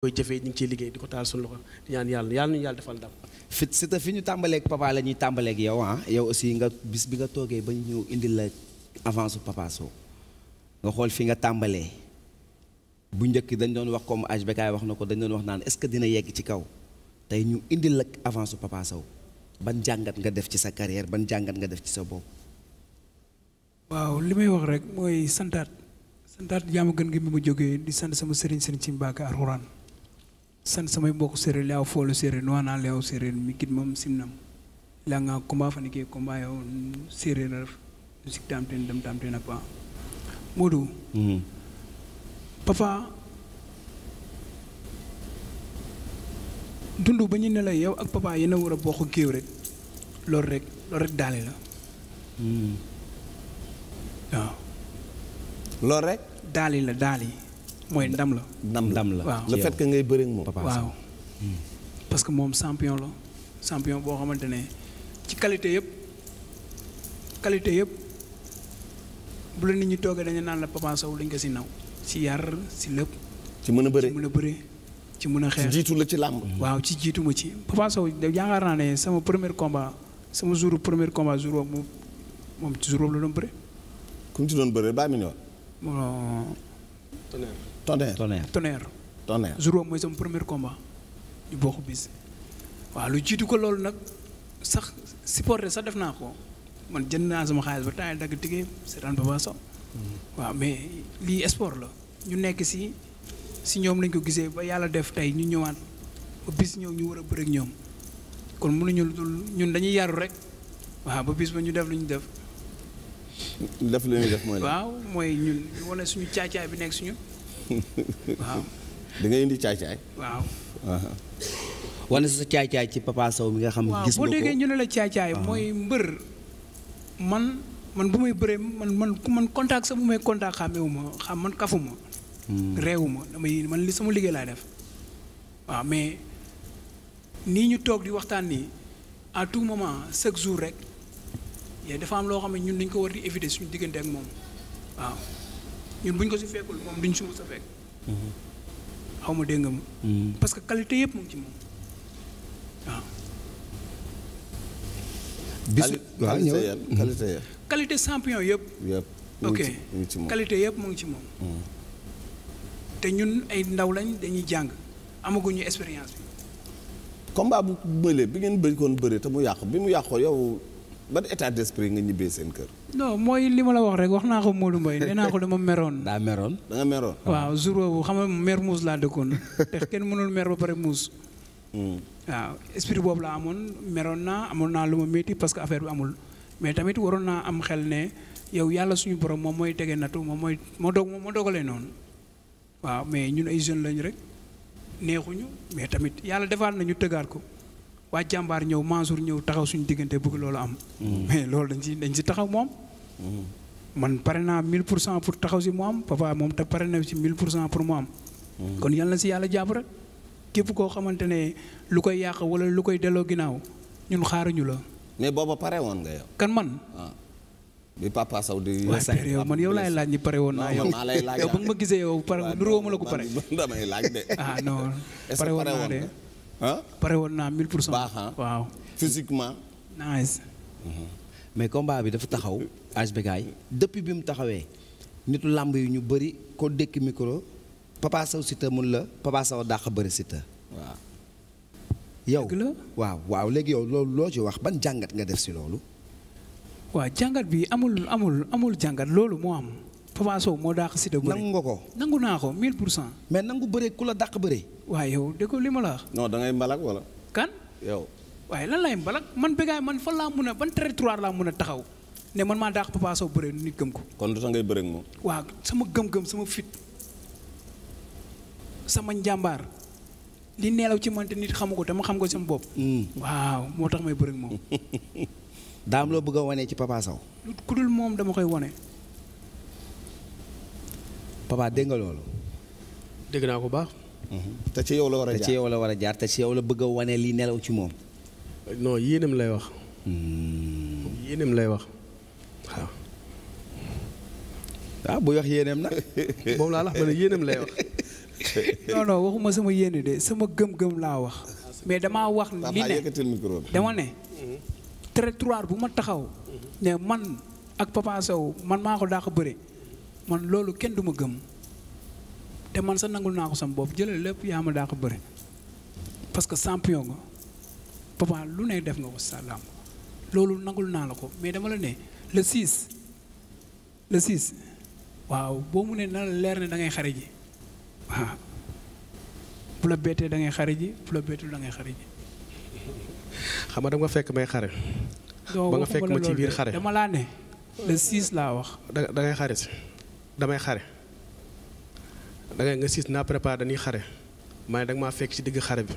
koy jëfee ñu ngi ciy liggéey di ko taal suñu loxo di ñaan yàlla yàlla ñu yàlla defal ndam fi c'est fi ñu tàmbaleeg papa la ñuy tàmbaleeg yow ah yow aussi nga bis bi nga toogee ba ñu indil la avance su Papa Sow nga xool fi nga tàmbalee bu njëkk dañ doon wax comme HBK wax na ko dañ doon wax naan est-ce que dina yegg ci kaw tey ñu indi la avance su Papa Sow ban jàngat nga def ci sa carrière ban jàngat nga def ci sa bopp. waaw li may wax rek mooy santaat santaat jaamu gën gi bi di sant sama sëriñ sëriñ sant samay mbokk séeréer le aw foolu séeréer nuwaanaa le aw séeréer mi kit mam simnam langa combat fani ke combat yo séeréer a ref nu sik taam teen dam teen a paax Modou mm-hmm. papa dund ba ñu ne la yow ak papa yéen a war a bokk géew loolu rek loolu rek daale la mm-hmm. waaw loolu rek daali la daali mooy ndam la. ndam la ndam la waaw le ngay bëri ak moom. waaw parce que moom champion la champion boo xamante ne ci qualité yëpp qualité yëpp bu la nit ñi toogee dañu naan la Papa Sow lañ ko si naw si yar si lépp. ci mën a bëre ci mën a ci mën a xeex ci la ci làmb. waaw ci jiitu ma ci Papa Sow yaakaar naa ne sama premier combat sama jour premier combat jour boobu moom ci jour boobu la doon bëre. ku mu ci doon bëre bàyyi ma ñëwaat. tonnerre tonnerre tonnerre jour mooy sama premier combat ñu bokk bis waaw lu jiitu ko loolu nag sax supporter sax def naa ko man jënd naa sama xaalis ba temps dagg tigee seetaan Papa Sow mm-hmm. waaw mais lii sport la ñu nekk si si ñoom lañ ko gisee ba yàlla def tey ñu ñëwaat bis ñëw ñu war a ak ñoom kon mënuñu lu dul ñun dañuy yaru rek waaw ba bis ñu def lu ñu def. def lu ñuy mooy. waaw mooy ñun ñu wane suñu caacaay bi nekk suñu. waaw da nga indi caay-caay. waaw. Uh-huh. wane sa caay ci Papa Sow mi nga xam. gis nga ko boo déggee ñu ne la caay-caay uh-huh. mooy mbër man man bu may bëree man man man contact sax bu may contact xàmmeewu ma xam man kafuma hmm. réewu ma damay man li sama liggéey laa def waaw mais nii ñu toog di waxtaan nii à tout moment chaque jour rek ya dafa am loo xam ne ñun dañ ko war di éviter suñu diggante ak moom waaw ñun buñ ko si fekkul moom duñ si mus a fekk. Mm-hmm. xaw ma dégg nga ma. Mm-hmm. parce que qualité yëpp mu ngi ci moom waaw. bisu mm-hmm. qualité yëpp. qualité champion yëpp. yëpp ngi ci moom. te ñun ay ndaw lañ dañuy jàng amaguñu expérience bi. combat bu bële bi ngeen koon bëri te mu yàqu bi mu yàqoo yow ban état d'esprit nga ñibbee seen kër. non mooy li la wax rek wax naa ko Modou Mbaye nee naa ko dama meroon. daa meroon da nga meroon. xam nga mer muus laa dëkkoon te kenn mënul mer ba pare muus. Hmm. boobu laa amoon meroon naa amoon naa lu ma métti parce que affaire bi amul mais tamit waroon naa am xel ne yow yàlla suñu borom moom mooy tege natu moom mooy moo doog moo dogalee noonu waaw mais ñun ay jeunes lañ rek neexuñu mais tamit yàlla defaat nañu tëgaat ko. waa jàmbaar ñëw Mansour ñëw taxaw suñu diggante bëgg loolu am. Mm. mais loolu dañ si dañ si taxaw moom. Mm. man pare naa 1000 pour cent pour taxaw si mu am papa moom te pare na si 1000 pour cent pour mu am. Mm. kon yal si yàlla jàpp rek képp koo xamante ne lu koy yàq wala lu koy delloo ginnaaw ñun xaaruñu la. mais booba pare woon nga yow. kan man. Ah. bi papa Sow di. yow man yow laay laaj ñu pare woon naa yow. yow ba nga ma gisee yow pare nuroo ma la ko pare. damay laaj de. ah non pare woon naa ah pare woon naa 1000 pour cent. baax waaw physiquement. nice. Mhm. mais combat bi dafa taxaw. HBK depuis bi mu taxawee. nit làmb yi ñu bëri ko dékk micro. Papa Sow Siteu mun la Papa Sow dàq bëri Siteu. waaw. yow waaw waaw léegi yow loolu loo ci wax ban jàngat nga def si loolu. waaw jàngat bi amul amul amul jàngat loolu moo am. Papa Sow moo dàq Siteu bëre. nangu nga ko. nangu naa ko mil pour cent. mais nangu bëre ku la dàq bëre. waaye yow dégg li ma la wax. non da mbalak wala. kan. yow. waaye lan lay mbalak man bégaay man fan laa mun a ban territoire laa mun a taxaw ne man maa dàq Papa Sow bëre nit gëm ko. kon du tax ngay bëre ak moom. waaw sama gëm-gëm sama fit sama njàmbaar li neelaw ci man te nit xamu ko te ma xam ko sama bopp. Mm. waaw moo tax may bëre moom. daam loo bëgg a wane ci Papa papa dégg nga loolu. dégg naa ko baax. Mhm. te ci yow la war a jaar te ci yow la war a jaar te yow la bëgg a lii li nelaw ci moom. non yéenam lay wax. Hmm. yéenam lay wax waaw. ah buy wax yéenam nag moom laa la wax ne yéenam lay wax. non waxuma sama yéene de sama gëm-gëm laa wax. Ah, mais damaa wax li ne dama ne. Mhm. territoire bu ma taxaw. ne man ak Papa Sow man maa ko daa ko bëre. man loolu kenn du ma gëm te man sa nangul naa ko sama bopp jëlal lépp yaa ma daa ko bëri parce que champion nga papa lu ne def nga ko salaam loolu nangul naa la ko mais dama la ne le 6 le 6 waaw boo mu ne na la leer da ngay xare ji waaw bu da ngay xare ji bu la ngay xare xam nga dama fekk may xare. ba nga fekk ma ci biir xare dama laa ne le 6 laa wax. dangay ngay si. damay xare dangay nga siis naa préparé dañuy xare maa ne danga maa fekk ci digg xare bi.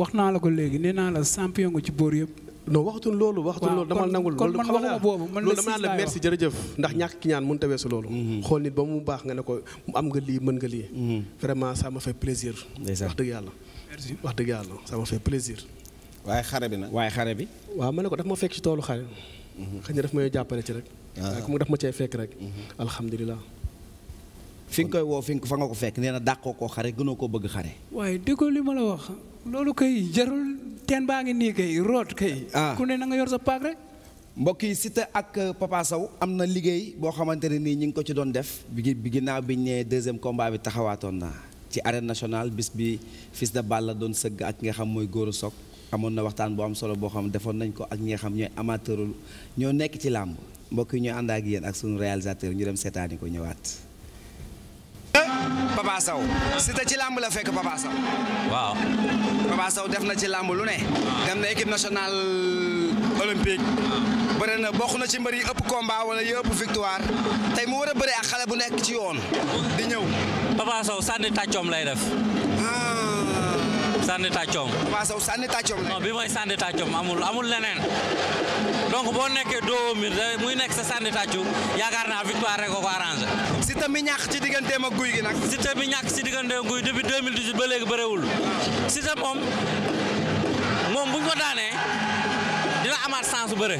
wax naa la ko léegi nee naa la champion nga ci boor yëpp. non waxatuñ loolu. waxatuñ loolu dama nangul loolu xam nga loolu dama naan la merci jërëjëf. ndax ñàkk ki ñaan mun tawee weesu loolu. Mhm. xool nit ba mu baax nga ne ko am nga lii mën nga lii. Mhm. vraiment ça m'a fait plaisir. wax dëgg yàlla. merci wax dëgg yàlla ça m'a fait plaisir. waaye xare bi nag waaye xare bi. waaw ma ne ko daf ma fekk ci toolu xare. Mhm. xëy na daf may ci rek. Ah. waaw ku mu def ma cee fekk rek. Mhm. alhamdulilah. fi nga koy woo fi nga fa nga ko fekk nee na dàqoo koo xare gënoo koo bëgg xare. waaye déggoo li ma la wax loolu kay jarul teen baa ngi nii kay root kay. Ah. ku ne na nga yor sa paak rek. mbokk yi Siteu ak euh, Papa am na liggéey boo xamante ne nii ñu ngi ko ci doon def bi bi ginnaaw bi ñu nee deuxième combat bi taxawaatoon naa ci arène nationale bis bi Fils de la doon sëgg ak nga xam mooy góor a amoon na waxtaan bu am solo boo xam defoon nañ ko ak ñi xam ñooy amateur ñoo nekk ci làmb mbokk yi ñoo ànd ak yéen ak sunu réalisateur ñu dem seetaani ko ñëwaat. Papa Sow Siteu ci làmb la fekk Papa Sow. waaw. Papa Sow def na ci làmb lu ne. dem na équipe nationale olympique. bëri na bokk na ci mbër yi ëpp combat wala yi ëpp victoire tey mu war a bëri ak xale bu nekk ci yoon. di ñëw. Papa sànni tàccoom lay def. sànni tàccoom. Papa Sow sànni bi mooy sànni tàccoom amul amul leneen donc boo nekkee doo mi muy nekk sa sànni tàccu yaakaar naa victoire rek ko si arrangé. Siteu mi ñàkk ci digganteem ak guy gi nag. Siteu mi ñàkk si digganteem guy depuis 2018 ba léegi bëriwul Siteu moom moom bu ñu ko daanee. dina amaat sens bu bëre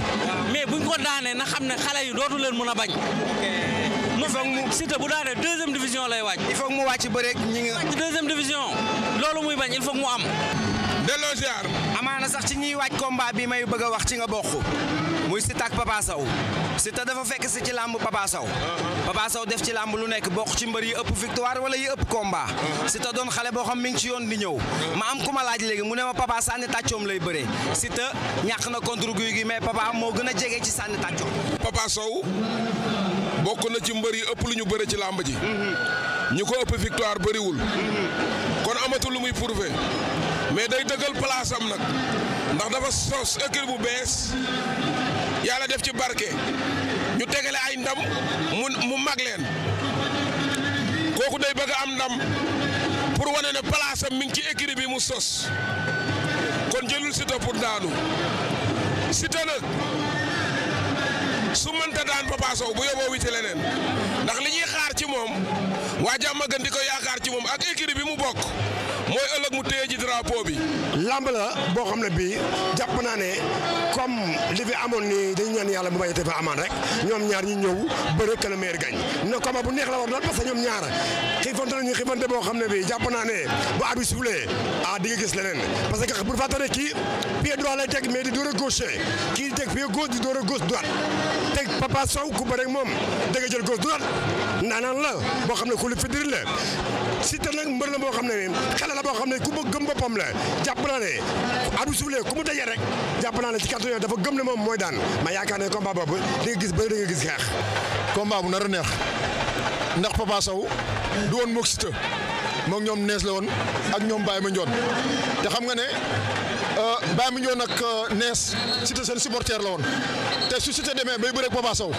mais buñ ko daanee na xam ne xale yi dootu leen mën a bañ il faut mu Siteu bu daanee deuxième division lay wàcc. il faut mu wàcc ba rek ñi ngi. deuxième division loolu muy bañ il faut mu am. delloo ziar. amaana sax ci ñiy waaj combat bi may bëgg a wax ci nga bokk muy Siteu ak Papa dafa fekk si ci làmb Papa Sow uh-huh. Papa Sow def ci làmb lu nekk bokk ci mbër yi ëpp victoire wala yi ëpp combat uh-huh. Siteu doon xale boo xam mi ngi ci yoon di ñëw uh-huh. ma am ku ma laaj léegi mu ne ma Papa sànni tàccoom lay bëree Siteu ñàkk na contre guy gi mais Papa moo gën a jege ci sànni tàccoom Papa Sow bokk na ci mbër yi ëpp lu ñu bëre ci làmb ji mm-hmm. ñu ko ëpp victoire bëriwul mm-hmm. kon amatul lu muy prouver mais day dëggal place nag ndax dafa sos équipe bu bees yàlla def ci barke ñu tegele ay ndam mu mu mag leen kooku day bëgg am ndam pour wane ne place am ci équipe bi mu sos kon jëlul Siteu pour daanu Siteu nag su mënta daan Papa bu yóbboo witi leneen ndax li ñuy xaar ci moom waa jàmm gën di ko yaakaar ci moom ak équipe drapeau bi lamb la boo xam ne bii jàpp naa ne comme li fi amoon nii dañu ñaan yàlla mu bañ a fa amaan rek ñoom ñaar ñu ñëw bëre que le meilleur gagne na combat bu neex la war doon parce que ñoom ñaar xiifante nañu xiifante boo xam ne bi jàpp naa ne bu arbitre soufflé ah di nga gis leneen parce que bu fàttali kii pied droit lay teg mais di door a gauche kii teg pied gauche di door a gauche droite teg Papa Sow ku bëre moom da nga jël gauche droite naanaan la boo xam ne ku lu fidiri la si te nag mbër la boo xam ne xale la boo xam ne ku bëgg gëm boppam la naa ne adu suuflee ku mu daje rek jàpp naa ne ci kàttu dafa gëm ne moom mooy daan ma yaakaar ne combat boobu di nga gis bëri di nga bu nar a neex ndax Papa Sow du woon mook Siteu mook ñoom nees la woon ak ñoom Baye Mandione te xam nga ne euh, Baye Mandione ak euh, nees Siteu seen supporter la woon te su Siteu demee bay bëreeg Papa Sow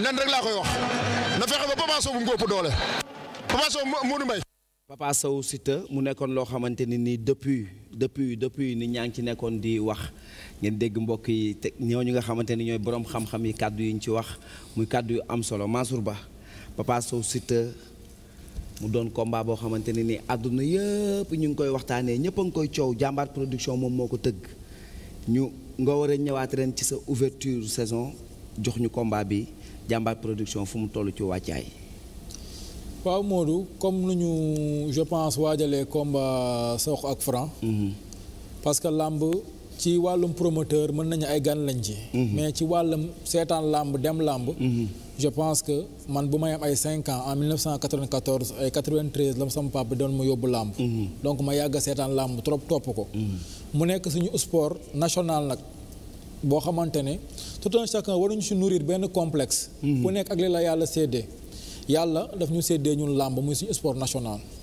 lenn rek laa koy wax na fexe ba Papa bu mu doole Papa Sow Modou Mbaye Papa Sow Siteu mu nekkoon loo xamante ni nii depuis depuis depuis ni ñaa ngi ci nekkoon di wax ngeen dégg mbokk yi te ñooñu nga xamante ni ñooy borom xam-xam yi kàddu yi ñu ci wax muy kàddu yu am solo Mansour Ba Papa Sow Siteu mu doon combat boo xamante ni nii àdduna yëpp ñu ngi koy waxtaanee ñëpp a ngi koy coow jàmbaar production moom moo ko tëgg ñu nga war a ñëwaat ren ci sa ouverture saison jox ñu combat bi jàmbaar production fu mu toll ci wàccaay. waaw moodu comme nu ñu je pense waajalee combat Sokh ak Franc mhm. parce que làmb ci wàllum promoteur mën nañu ay gan lañ ci mhm. mais ci wàllum seetaan làmb dem làmb mhm. je pense que man bu may am ay cinq ans en 1994 ay 93 la sama papa doon ma yóbbu làmb donc ma yàgga a seetaan làmb trop topp ko mu nekk suñu sport national nag boo xamante ne tout un chacun waruñu si nourrir benn complexe ku nekk ak li la yàlla séddee yàlla daf ñu séddee ñun làmb mu si sport national